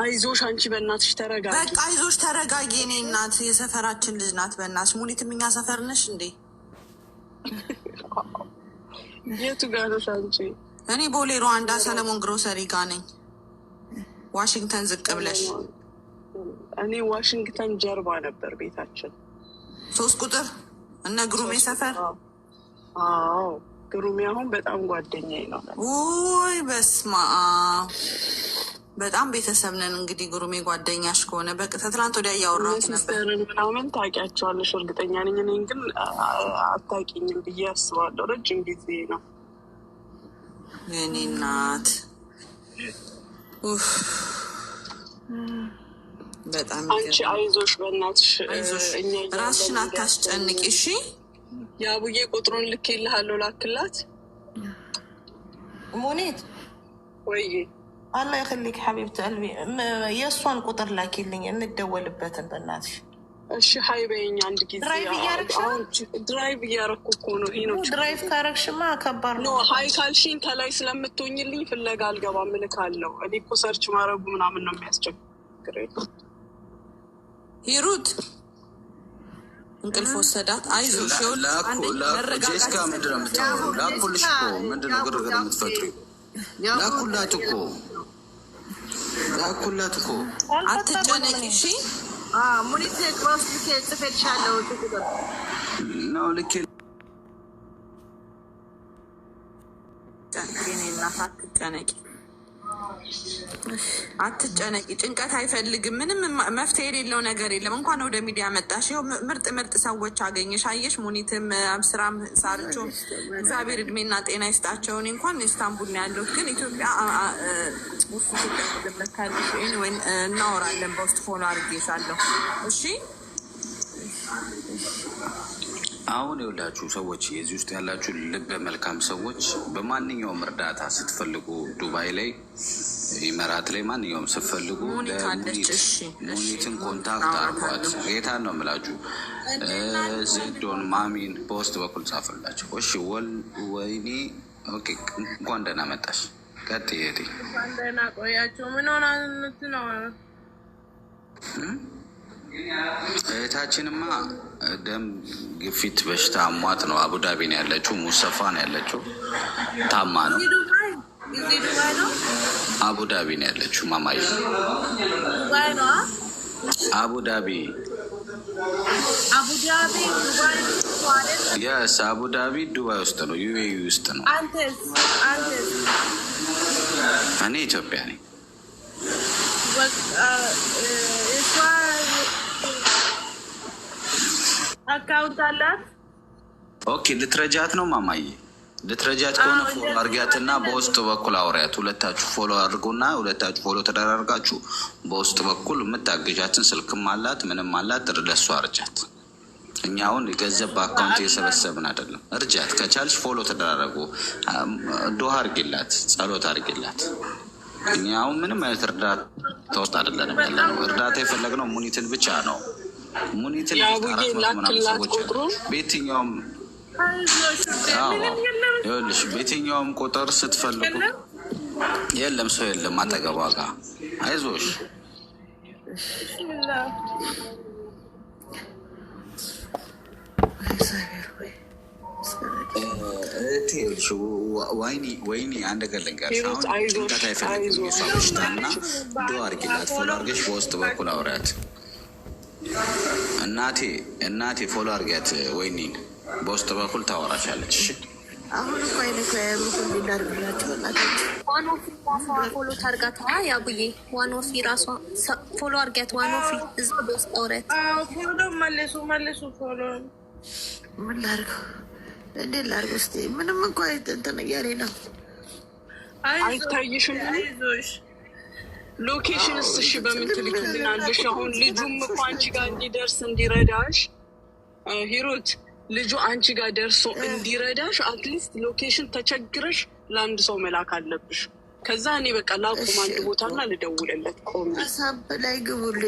አይዞሽ አንቺ በእናትሽ ተረጋ በቃ አይዞሽ ተረጋጊ። እኔ እናት የሰፈራችን ልጅ ናት። በእናትሽ ሙኒት የምኛ ሰፈር ነሽ እንዴ? የቱ ጋር ነሽ አንቺ? እኔ ቦሌ ሩዋንዳ ሰለሞን ግሮሰሪ ጋ ነኝ። ዋሽንግተን ዝቅ ብለሽ። እኔ ዋሽንግተን ጀርባ ነበር ቤታችን ሶስት ቁጥር እነ ግሩሜ ሰፈር። አዎ ግሩሜ አሁን በጣም ጓደኛዬ ነው። ውይ በስማ በጣም ቤተሰብ ነን። እንግዲህ ጉሩሜ ጓደኛሽ ከሆነ በቃ ከትላንት ወዲያ እያወራሁት ነበር ምናምን ታውቂያቸዋለሽ፣ እርግጠኛ ነኝ። እኔን ግን አታውቂኝም ብዬ አስባለሁ። ረጅም ጊዜ ነው። የእኔ እናት በጣም አንቺ አይዞሽ፣ በእናትሽ ራስሽን አታስጨንቂ እሺ። የአቡዬ ቁጥሩን ልክ ይልሃለሁ፣ ላክላት ሞኔት ወይ አላ ይክሊክ ሐቢብት ቀልቢ የእሷን ቁጥር ላኪልኝ እንደወልበትን በእናትሽ። እሺ ሀይ በይኝ አንድ ጊዜ ድራይቭ እያረኩ እኮ ነው። ሄኖክ ድራይቭ ካረግሽማ ከባድ ነው። ሀይ ካልሽኝ ከላይ ስለምትሆኝልኝ ፍለጋ አልገባም፣ እልካለሁ። እኔ እኮ ሰርች ማድረጉ ምናምን ነው የሚያስቸግረኝ። ሂሩት እንቅልፍ ወሰዳት። አይዞሽ ጄስካ፣ ምንድን ነው የምታወሪው? ላኩልሽ ምንድን ነው ግርግር የምትፈጥሪው? ላኩላት እኮ ላኩላት እኮ አትጨነቂ። እሺ ሙኒት ክሮስ ልኬ ጽፌልሻለሁ። ነው ልኬ አትጨነቂ፣ አትጨነቂ። ጭንቀት አይፈልግም። ምንም መፍትሄ የሌለው ነገር የለም። እንኳን ወደ ሚዲያ መጣሽ። ይኸው ምርጥ ምርጥ ሰዎች አገኘሽ። አየሽ፣ ሙኒትም፣ አብስራም፣ ሳርቾም እግዚአብሔር እድሜና ጤና ይስጣቸውን። እንኳን ኢስታንቡል ነው ያለሁት፣ ግን ኢትዮጵያ ቡፍ ትመታለሽ ወይ? እናወራለን። በውስጥ ፎኖ አድርጌሻለሁ። እሺ አሁን የወላችሁ ሰዎች የዚህ ውስጥ ያላችሁ ልበ መልካም ሰዎች በማንኛውም እርዳታ ስትፈልጉ ዱባይ ላይ ኢመራት ላይ ማንኛውም ስትፈልጉ ሙኒትን ኮንታክት አርጓት። ጌታ ነው የምላችሁ። ዘዶን ማሚን በውስጥ በኩል ጻፈላቸው። እሺ ወይኔ ኦኬ፣ እንኳን ደህና መጣሽ። ቀጥዬ ደህና ቆያችሁ። ምን ሆናት ነው? እህታችንማ ደም ግፊት በሽታ አሟት ነው። አቡዳቢ ነው ያለችው፣ ሙሰፋ ነው ያለችው፣ ታማ ነው። አቡዳቢ ነው ያለችው ማማዬ፣ አቡዳቢ የስ አቡዳቢ ዱባይ ውስጥ ነው፣ ዩኤኢ ውስጥ ነው። እኔ ኢትዮጵያ ነኝ። አካውንት አላት። ኦኬ ልትረጃት ነው ማማዬ። ልትረጃት ከሆነ ፎሎ አድርጊያትና በውስጥ በኩል አውሪያት። ሁለታችሁ ፎሎ አድርጉና ሁለታችሁ ፎሎ ተደራርጋችሁ በውስጥ በኩል የምታገዣትን ስልክም አላት ምንም አላት ለሷ አርጃት። እኛ አሁን ገንዘብ በአካውንት እየሰበሰብን አይደለም። እርጃት ከቻልሽ ፎሎ ተደራረጉ፣ ዶሃ አርጌላት፣ ጸሎት አርጌላት። እኛ አሁን ምንም አይነት እርዳታ ተወስጥ አይደለንም ያለ ነው። እርዳታ የፈለግነው ሙኒትን ብቻ ነው። ሙኒትን በየትኛውም ይኸውልሽ፣ በየትኛውም ቁጥር ስትፈልጉ የለም ሰው የለም አጠገቧ ጋ አይዞሽ ወይኔ አንድ ነገር አሁን ጭንቀት አይፈልግም እና ዱአ አድርጊላት፣ በውስጥ በኩል አውሪያት። እናቴ እናቴ ፎሎ አድርጊያት፣ ወይኔ በውስጥ በኩል ታወራሻለች። ፎሎ አርጊያት። ዋኖፊ እዛ በውስጥ አውሪያት። ፎሎ መልሱ መልሱ ፎሎ ምን ላድርገው? እንዴት ላድርግ? እስኪ ምንም እንኳ እንትን እያለኝ ነው። አይታይሽም ሎኬሽን እስሽ በምን ትልኪልናለሽ? አሁን ልጁም እኮ አንቺ ጋር እንዲደርስ እንዲረዳሽ ሂሩት ልጁ አንቺ ጋር ደርሶ እንዲረዳሽ አትሊስት ሎኬሽን ተቸግረሽ ለአንድ ሰው መላክ አለብሽ። ከዛ እኔ በቃ ላቁም አንድ ቦታ እና ልደውልለት። ቆሜ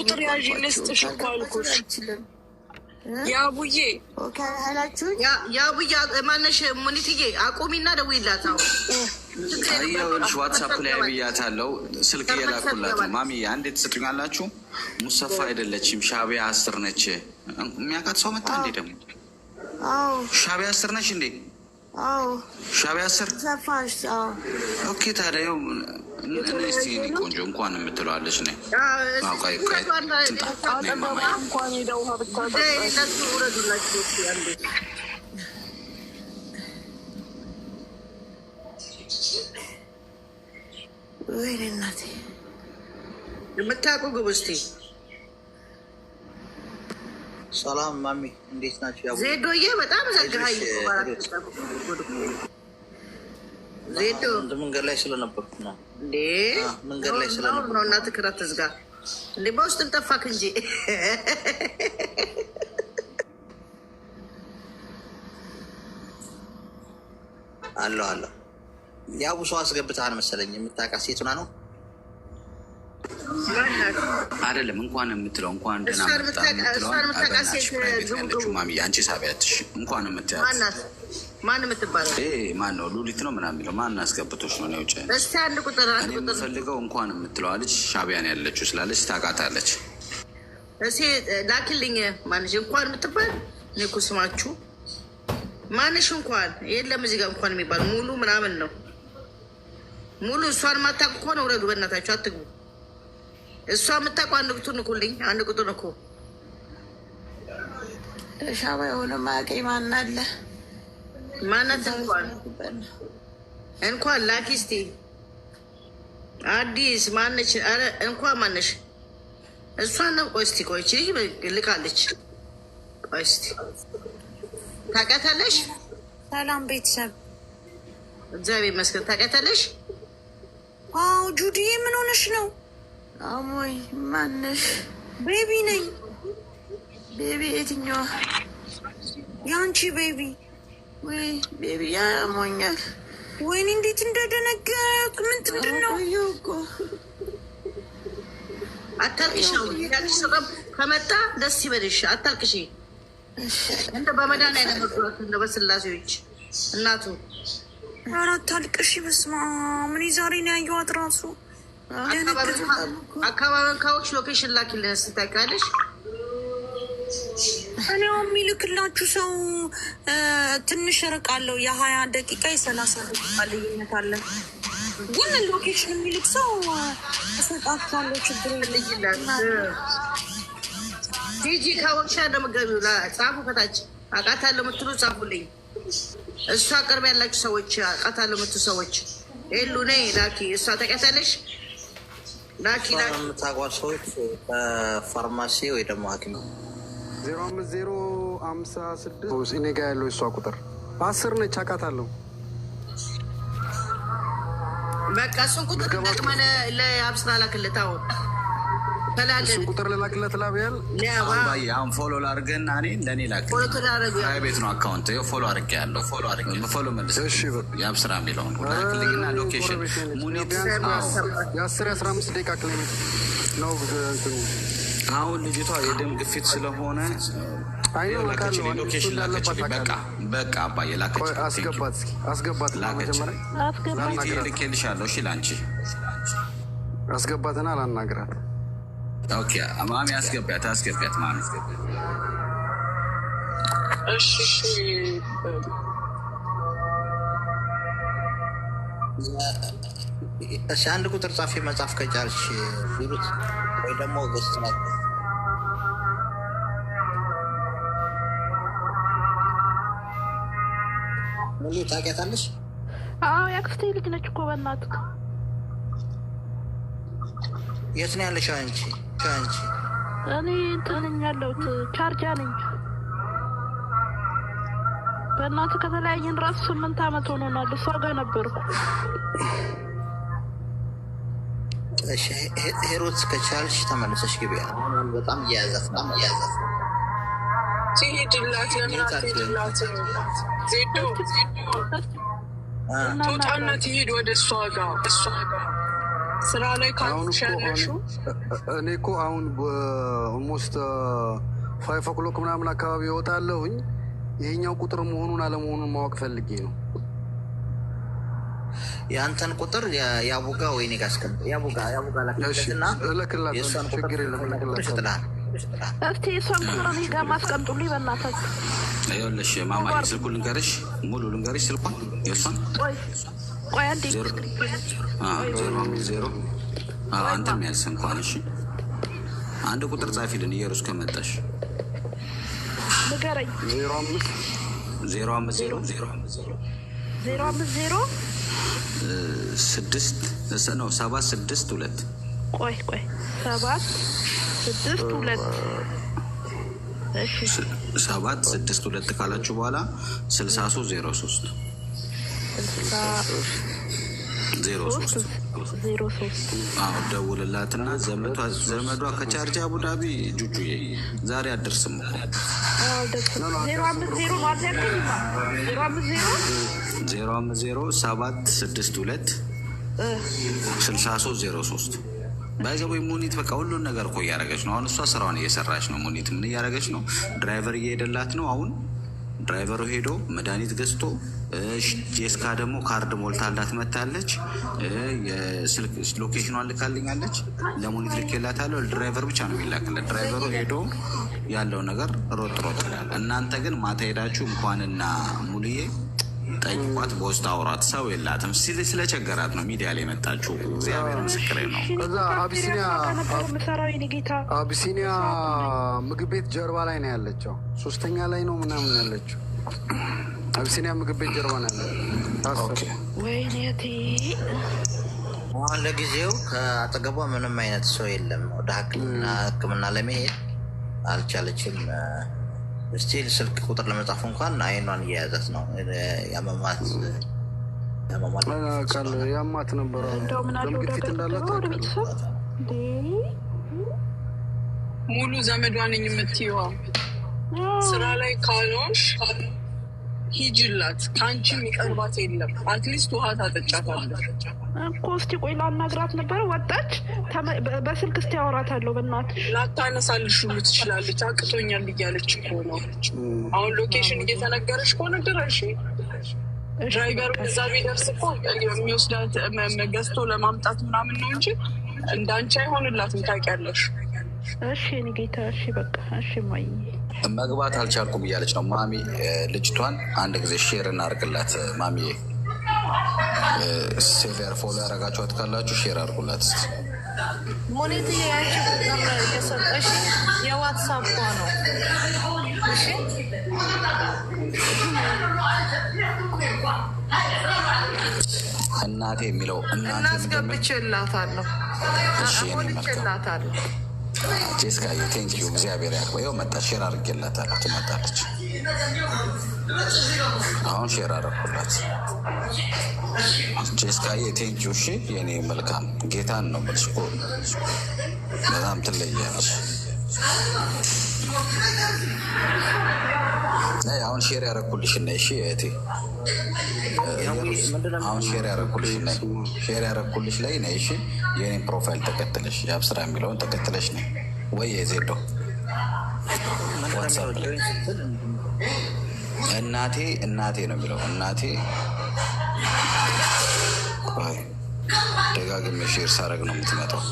ቁጥር ያዥ ልስጥሽ እኮ አልኩሽ። ያቡዬ ማነሽ ሙኒትዬ አቁሚና ደውይላት። ይኸውልሽ ዋትሳፕ ላይ ብያታለሁ፣ ስልክ እየላኩላት ማሚ አንድ ትሰጡኛላችሁ። ሙሰፋ አይደለችም ሻቢያ አስር ነች። የሚያውቃት ሰው መጣ እንዴ? ደግሞ ሻቢያ አስር ነች እንዴ? ሻቢያ አስር ኦኬ። ታዲያ እስቲ ቆንጆ እንኳን የምትለዋለች ነ የምታውቁ እስቲ። ሰላም ማሚ፣ እንዴት ናቸው? ዜዶዬ በጣም ዘግሀይ መንገድ ላይ ስለነበርኩ ነው። መንገድ ላይ ስለነበርኩ ነው። እናትህ ክራት ትዝጋ እንዴ! በውስጥም ጠፋክ እንጂ አለሁ አለሁ። ያው ሰው አስገብተሃል መሰለኝ። የምታውቃት ሴት ሆና ነው አይደለም? እንኳን የምትለው እንኳን ደህና መጣ የምትለው አንቺ ሳቢያትሽ እንኳን የምትያት ማን የምትባለው ማን ነው? ሉሊት ነው ምናምን የሚለው ማን አስገብቶች ነው? ውጭ እስቲ አንድ ቁጥር እኔ የምፈልገው እንኳን የምትለዋ ልጅ ሻቢያን ያለችው ስላለች ታውቃታለች። እሴ ላኪልኝ ማንሽ እንኳን የምትባል ኒኩ ስማችሁ ማንሽ እንኳን የለም እዚህ ጋር እንኳን የሚባል ሙሉ ምናምን ነው ሙሉ። እሷን ማታውቁ ከሆነ ውረዱ፣ በእናታችሁ አትግቡ። እሷ የምታውቁ አንድ ቁጥር ንኩልኝ፣ አንድ ቁጥር ንኩ። ሻባ የሆነ ማቀኝ ማን አለ? ማነት እንኳን እንኳን ላኪስቲ አዲስ ማነች? ኧረ እንኳን ማነሽ? እሷን ነው። ቆይ እስቲ ቆይ ልቃለች። ቆይ እስቲ ታውቂያታለሽ? ሰላም ቤተሰብ፣ እግዚአብሔር ይመስገን። ታውቂያታለሽ? አዎ። ጁዲዬ ምን ሆነሽ ነው? አሞይ ማነሽ? ቤቢ ነኝ። ቤቢ የትኛዋ? የአንቺ ቤቢ ወይ ቤቢ ያሞኛል። ወይኔ እንዴት እንደደነገርኩ ምንድን ነው እኮ አታልቅሽ ነው ከመጣ ደስ ይበልሽ። አታልቅሽ እንደ በመዳን አይነ መግባት እንደ በስላሴዎች እናቱ ኧረ አታልቅሽ። በስመ አብ እኔ ዛሬ ነው ያየኋት እራሱ አካባቢን ካዎች ሎኬሽን ላኪልን ስታውቂያለሽ እኔ የሚልክላችሁ ሰው ትንሽ ርቃለሁ። የሀያ ደቂቃ የሰላሳ ደቂቃ ልዩነት አለ። ግን ሎኬሽን የሚልክ ሰው እሰጣችኋለሁ። ችግር ልይላል ጂጂ ካወቅሻ እንደምገቢው ጻፉ። ከታች አውቃታለሁ የምትሉ ጻፉልኝ። እሷ ቅርብ ያላችሁ ሰዎች አውቃታለሁ የምትሉ ሰዎች ሉ ነ ላኪ። እሷ ታውቂያታለሽ ላኪ ላኪ የምታውቋት ሰዎች ፋርማሲ ወይ ደግሞ ሐኪም ዜሮ አምስት ዜሮ አምሳ ስድስት እኔ ጋ ያለው እሷ ቁጥር አስር ነች። አውቃታለሁ። በቃ እሱን ቁጥር ደግመ ለአብስና ላክለት። አዎ እሱን ቁጥር ልላክለት። ላብያል አሁን ፎሎ ላድርግና እኔ ለእኔ ላክቤት ነው አካውንት ፎሎ አድርጌ ያለው ፎሎ ፎሎ መልስ የአብስራ የሚለውን ላክልኝና ሎኬሽን ሙኒት የአስር የአስራ አምስት ደቂቃ ክሊኒክ ነው። አሁን ልጅቷ የደም ግፊት ስለሆነ ሎኬሽን አስገባትና ላናግራት። ኦኬ ማሚ አስገቢያት አስገቢያት ማሚ እሺ አንድ ቁጥር ጻፊ መጽሐፍ ከጫርሽ ቢሉት ወይ ደግሞ ኦገስት ናት። ሙሉ ታውቂያታለሽ? አዎ ያክፍቴ ልጅ ነች እኮ በእናትህ። የት ነው ያለሽው አንቺ? አንቺ እኔ እንትን ነኝ ያለሁት ቻርጃ ነኝ። በእናትህ ከተለያየን ራሱ ስምንት አመት ሆኖናል። እሷ ጋር ነበርኩ ሄሮድስ ከቻልሽ ተመልሰሽ ግቢ። አሁን በጣም እያያዛት በጣም እያያዛት ትሄድላት ትሄድ ወደ እሷ ጋር እሷ ጋር ስራ ላይ ካሻለሹ እኔ እኮ አሁን ኦልሞስት ፋይቭ ኦክሎክ ምናምን አካባቢ ይወጣለሁኝ። ይሄኛው ቁጥር መሆኑን አለመሆኑን ማወቅ ፈልጌ ነው። የአንተን ቁጥር የአቡጋ ወይኔ ጋር አስቀምጥ። የአቡጋ የአቡጋ ላክለትና የእሷን ቁጥር ይችጥላል ይኸውልሽ ማማ ስልኩ ልንገርሽ፣ ሙሉ ልንገርሽ ስልኳን የእሷን አንተ የሚያልስ እንኳን እሺ፣ አንድ ቁጥር ጻፊልን እየሩስ ከመጣሽ ንገረኝ ዜሮ አምስት ዜሮ አምስት ዜሮ ዜሮ አምስት ዜሮ ዜሮ አምስት ዜሮ ስድስት ነው ሰባት ስድስት ሁለት ቆይ ቆይ ሰባት ስድስት ሁለት ሰባት ስድስት ሁለት ካላችሁ በኋላ ስልሳ ሶስት ዜሮ ሶስት ዜሮ ሶስት አሁን ደውልላትና ዘመዷ ከቻርጃ አቡዳቢ ጁጁ ዛሬ አደርስም ዜሮ አምስት ዜሮ ሰባት ስድስት ሁለት ስልሳ ሶስት ዜሮ ሶስት ሙኒት በቃ ሁሉን ነገር እኮ እያደረገች ነው። አሁን እሷ ስራዋን እየሰራች ነው። ሙኒት ምን እያደረገች ነው? ድራይቨር እየሄደላት ነው አሁን ድራይቨሩ ሄዶ መድኃኒት ገዝቶ ጄስካ ደግሞ ካርድ ሞልታላት መታለች። የስልክ ሎኬሽኗን ልካልኛለች። ለሞኒት ልኬላታለሁ። ድራይቨር ብቻ ነው የሚላክለት። ድራይቨሩ ሄዶ ያለው ነገር ሮጥ ሮጥ ይላል። እናንተ ግን ማታ ሄዳችሁ እንኳንና ሙሉዬ ጠይቋት፣ በውስጥ አውራት፣ ሰው የላትም ስለቸገራት ነው ሚዲያ ላይ የመጣችው። እግዚአብሔር ምስክሬ ነው። እዛ አቢሲኒያ ምግብ ቤት ጀርባ ላይ ነው ያለችው፣ ሶስተኛ ላይ ነው ምናምን ያለችው አቢሲኒያ ምግብ ቤት ጀርባ ነው ያለችው። አሁን ለጊዜው ከአጠገቧ ምንም አይነት ሰው የለም። ወደ ሕክምና ሕክምና ለመሄድ አልቻለችም። ስቲል ስልክ ቁጥር ለመጻፍ እንኳን አይኗን እየያዛት ነው። ያመማት ያማት ነበረ ፊት እንዳላት ሙሉ ዘመዷን የምትይዋ ስራ ላይ ካልሆንሽ ሂጅላት ከአንቺ የሚቀርባት የለም። አትሊስት ውሃ ታጠጫታለህ እኮ። እስቲ ቆይ ላናግራት ነበረ። ወጣች። በስልክ እስቲ አወራታለሁ። በእናትሽ ላታነሳልሽ ሁሉ ትችላለች። አቅቶኛል እያለች እኮ ነው። አሁን ሎኬሽን እየተነገረች ከሆነ ድረሽ ድራይቨር እዛ ቢደርስ እኮ የሚወስዳት ገዝቶ ለማምጣት ምናምን ነው እንጂ እንዳንቺ አይሆንላትም። ታውቂያለሽ። እሺ፣ ንጌታ። እሺ፣ በቃ እሺ፣ ማየ መግባት አልቻልኩም እያለች ነው ማሚ። ልጅቷን አንድ ጊዜ ሼር እናርግላት ማሚ። ሴቨር ፎሎ ያረጋችኋት ካላችሁ ሼር አርጉላት። ሞኔት የሰጠሽ የዋትሳፕ ነው። እናቴ የሚለው እናቴ ላታለሁ ላታለሁ ጄስካዬ ቴንኪዩ እግዚአብሔር ያክባ። ይኸው መጣች፣ ሼር አድርጌላታለሁ። ትመጣለች አሁን ሼር አደረኩላት። ጄስካዬ ቴንኪዩ። እሺ የኔ መልካም ጌታን ነው መልስ። በጣም ትለያለች። አሁን ሼር ያረኩልሽ እና እሺ፣ እህቴ አሁን ሼር ያረኩልሽ እና ሼር ያረኩልሽ ላይ ነይ እሺ። የኔን ፕሮፋይል ተከትለሽ ያብ ስራ የሚለውን ተከትለሽ ነይ ወይ የዜዶ እናቴ እናቴ ነው የሚለው እናቴ ደጋግሜ ሼር ሳረግ ነው የምትመጣው።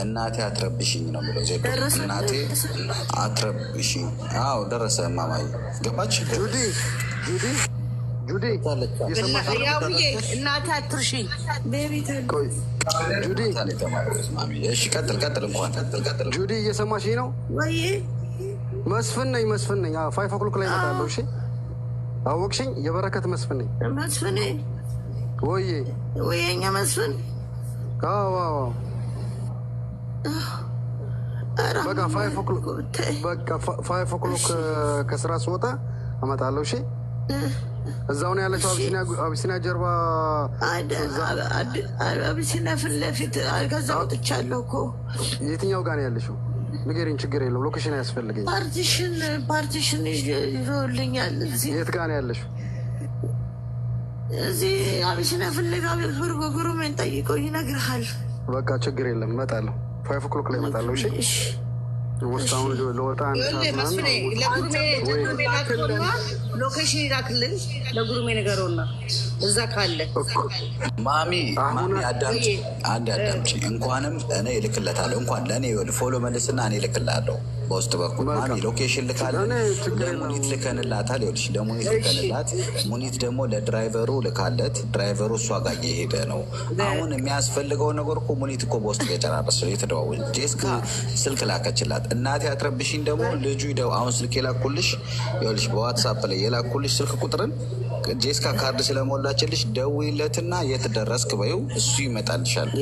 እናቴ አትረብሽኝ ነው ብሎ ዜዶ እናቴ አትረብሽኝ። አዎ ደረሰ። ማማዬ ገባች ጁዲ ጁዲ ጁዲ ያውዬ እናቴ አትርሺ ጁዲ ቀጥል ቀጥል እንኳን ጁዲ እየሰማሽ ነው መስፍን ነኝ መስፍን ነኝ ፋይቭ ኦክሎክ ላይ እመጣለሁ እሺ አወቅሽኝ የበረከት መስፍን ነኝ መስፍን ወይዬ ወይዬ እኛ መስፍን አዎ አዎ በቃ ፋይቭ ኦክሎክ ከስራ ስወጣ እመጣለሁ እሺ እዛው ነው ያለችው። አብሲኒያ ጀርባ አብሲኒያ ፊት ለፊት ከዛ ወጥቻለሁ እኮ። የትኛው ጋር ነው ያለችው? ንገሪኝ፣ ችግር የለም ሎኬሽን አያስፈልገኝ። ፓርቲሽን ፓርቲሽን ይዞልኛል። የት ጋር ነው ያለችው? እዚህ አብሲኒያ ፍለጋ ብር በጉሩ ምን ጠይቆ ይነግርሃል። በቃ ችግር የለም እመጣለሁ። ፋይፍ ኦክሎክ ላይ እመጣለሁ። እሺ ውስጣሁን ለወጣ ሎኬሽን ይላክልን ለጉርሜ ነገረውና እዛ ካለ ማሚ ማሚ አዳምጪ፣ አንድ አዳምጪ። እንኳንም እኔ እልክለታለሁ እንኳን ለእኔ ፎሎ መልስና እኔ እልክላለሁ በውስጥ በኩል ማሚ ሎኬሽን ልካለን። ለሙኒት ልከንላታል። ይኸውልሽ ለሙኒት ልከንላት፣ ሙኒት ደግሞ ለድራይቨሩ ልካለት። ድራይቨሩ እሷ ጋር እየሄደ ነው። አሁን የሚያስፈልገው ነገር እኮ ሙኒት እኮ በውስጥ የተደዋወል ጄስካ ስልክ ላከችላት። እናቴ አትረብሽኝ። ደግሞ ልጁ ደው አሁን ስልክ የላኩልሽ ይኸውልሽ፣ በዋትሳፕ ላይ የላኩልሽ ስልክ ቁጥርን ጄስካ ካርድ ስለሞላችልሽ ደውይለትና የት ደረስክ በይው፣ እሱ ይመጣልሻል።